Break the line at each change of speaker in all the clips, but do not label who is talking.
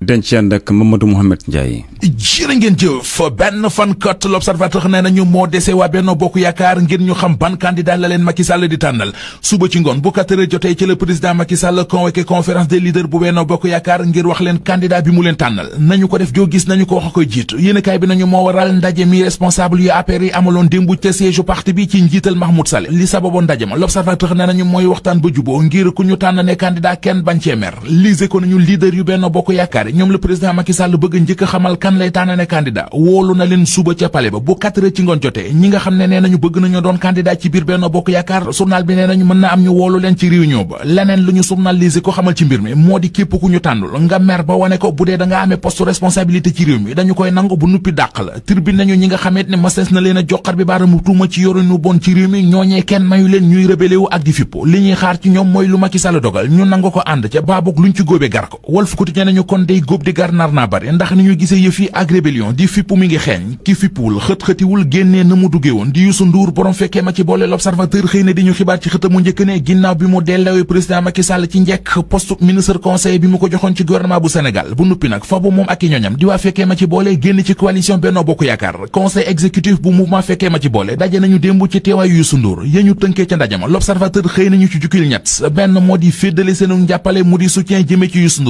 denceen ak Mamadou Mouhamed Ndiaye. jërë ngeen jëf benn fankat l'observateur nee nañu moo dese waa Benno Bokk Yaakaar ngir ñu xam ban candidat la leen Macky di tànnal suba ci ngoon bu 4 heures jotee ci la président Macky Sall convoqué conférence des leaders bu Benno Bokk Yaakaar ngir wax leen candidat bi mu leen tànnal nañu ko def joo gis nañu ko wax a koy jiitu yéenekaay bi nañu moo waral ndaje mi responsable yu APR yi amaloon démb ci njiital yaakaar ñoom la président Macky Sall bëgg njëkk a xamal kan lay tànnane candidat woolu na leen suba ca palais ba bu 4 heures ci ngoon jotee ñi nga xam ne nee nañu bëgg nañoo doon candidat ci biir Benno Bokk Yaakaar journal bi nee nañu mën na am ñu woolu leen ci réunion ba leneen lu ñu journalisé ko xamal ci mbir mi moo di képp ku ñu tànnul nga mer ba wane ko bu dee da nga amee poste ci réew mi dañu koy nangu bu nuppi dàq la tribune ne masees na leen a joxar bi baaramu tuuma ci leen ñuy rébélé wu ak di fippu li ñuy xaar ci ñoom mooy lu Macky ko ànd ca kon day góob di gar nar naa bare ndax ni ñu gisee yëf yi ak rébellion di fippu mi ngi xeeñ ki fippuwul xët-xëtiwul génnee na mu duggee woon di Youssou Ndour borom fekkee ma ci boole l'observateur xëy na di ñu xibaar ci xëtamu njëkk ne ginnaaw bi mu dellawee président Macky Sall ci njekk poste ministre conseil bi mu ko joxoon ci gouvernement bu Sénégal bu nuppi nag fa bu moom ak i ñoñam di waa fekkee ma ci boole génn ci coalition Benno Bokk Yaakaar conseil exécutif ñu tënkee ca ndajama l'observateur xëy nañu ci jukkil ñett benn moo di féddale seenu njàppale mu di soutien jëme ci Youssou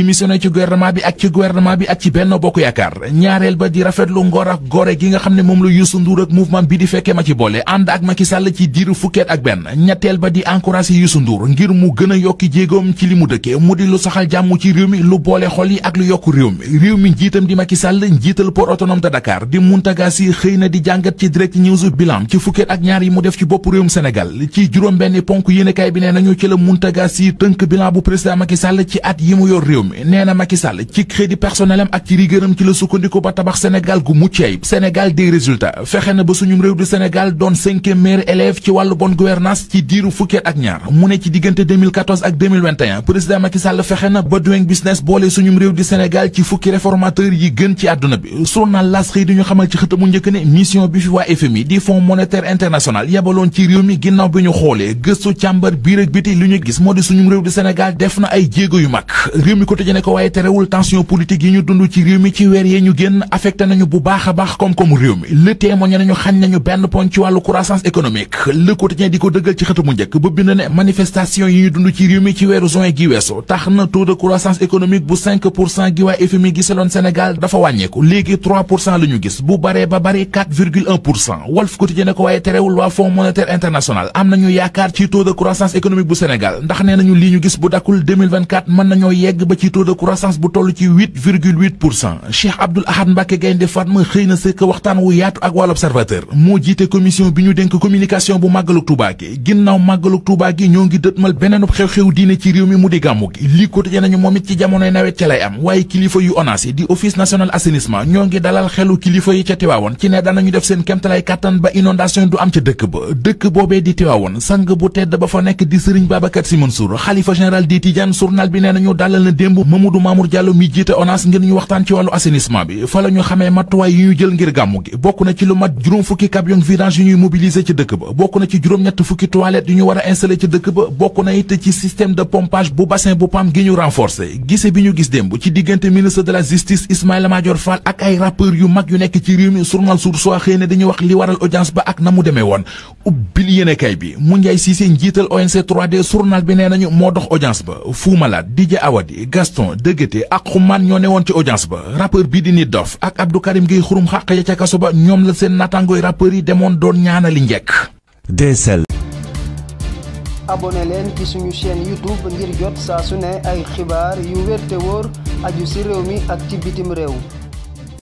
démissionné ci gouvernement bi ak ci gouvernement bi ak ci benn bokk yaakaar ñaareel ba di rafetlu ngor ak gore gi nga xam ne moom la Youssou Ndour ak mouvement bi di fekkee ma ci boole ànd ak Macky Sall ci diiru fukkeet ak benn ñetteel ba di encouragé Youssou Ndour ngir mu gën a yokki jéegoom ci li mu dëkkee mu di lu saxal jàmm ci réew mi lu boole xol yi ak lu yokku réew mi réew mi njiitam di Macky njiital port autonome de Dakar di Mountaga Sy xëy na di jàngat ci direct news bilan ci fukkeet ak ñaar yi mu def ci bopp réewum Sénégal ci juróom benn ponk yéenekaay bi nee nañu ci la Mountaga tënk bilan bu président Macky Sall ci at yi mu yor réew mi mi nee na Macky Sall ci crédit personnel am ak ci rigueuram ci la sukkandiku ba tabax Sénégal gu mucc ayib Sénégal des résultats fexe na ba suñum réew di Sénégal doon ci wàllu bonne gouvernance ci diiru fukki at ak ñaar mu ne ci diggante 2014 ak 2021 président Macky Sall fexe na ba Doing Business boole suñum réew di Sénégal ci fukki réformateur yi gën ci àdduna bi journal L'As xëy di ñu xamal ci xëtamu njëkk ne mission bi fi waa FMI di Fonds monétaire international yebaloon ci réew mi ginnaaw bi ñu xoolee gëstu càmbar biir ak biti li ñu gis moo di suñum réew di Sénégal def na ay jéego yu mag réew mi Quotidien ko waaye terewul tension politique yi ñu dund ci réew mi ci weer yee ñu génn affecté nañu bu baax baax koom-koomu réew mi Le Témoin nañu xañ nañu benn poñ ci wàllu croissance économique Le Quotidien di ko dëggal ci xëtamu njëkk ba bind ne manifestation yi ñu dund ci réew mi ci weeru juin gi weesu tax na taux de croissance économique bu 5 pour cent gi waa Sénégal dafa wàññeeku léegi 3 gis bu baree ba bare 4,1 pour cent ko waaye terewul ci taux de croissance économique bu Sénégal ndax nee nañu li ñu gis bu dakul 2024 mën nañoo yegg ba ci taux de Ahad Mbacké Gaynde Fatma xëy na sëkk waxtaan wu yaatu ak waa l'Observateur moo jiite commission bi ñu dénk communication bu màggalug Tuubaa gi ginnaaw màggalug Tuubaa gi ñoo ngi dëtmal beneenub xew-xew diine ci réew mi mu di gàmmu gi lii quotidien nañu moom it ci jamonoy nawet ca lay am waaye kilifa yu ONAS di office national assainissement ñoo ngi dalal xelu kilifa yi ca Tiwaawoon ci ne danañu def seen kemtalay kàttan ba inondation démb Mamadou Mamour Diallo mi jiite ONAS ngir ñu waxtaan ci wàllu assainissement bi fa ñu xamee matuwaay yi ñu jël ngir gàmmu gi bokk na ci lu mat juróom fukki camion vidange yu ñuy mobiliser ci dëkk ba bokk na ci juróom-ñett fukki toilettes yu ñu war a installé ci dëkk ba bokk na it ci système de pompage bu bassin bu PAM gi ñu renforcé gise bi ñu gis démb ci diggante ministre de la justice Ismaïla Madior Fall ak ay rappeurs yu mag yu nekk ci réew mi journal Source Gaston dëggate ak xumaan ñoo woon ci audience ba rappeur bii di Nit Doff ak Abdou Karim Gueye xurum xàq ya ca kaso ñoom la seen naataangooy rappeur yi demoon doon ñaanali njekk DSL abonné leen ci suñu chaîne YouTube ngir jot saa su ne ay xibaar yu wér te wóor aju ci réew mi ak ci bitim réew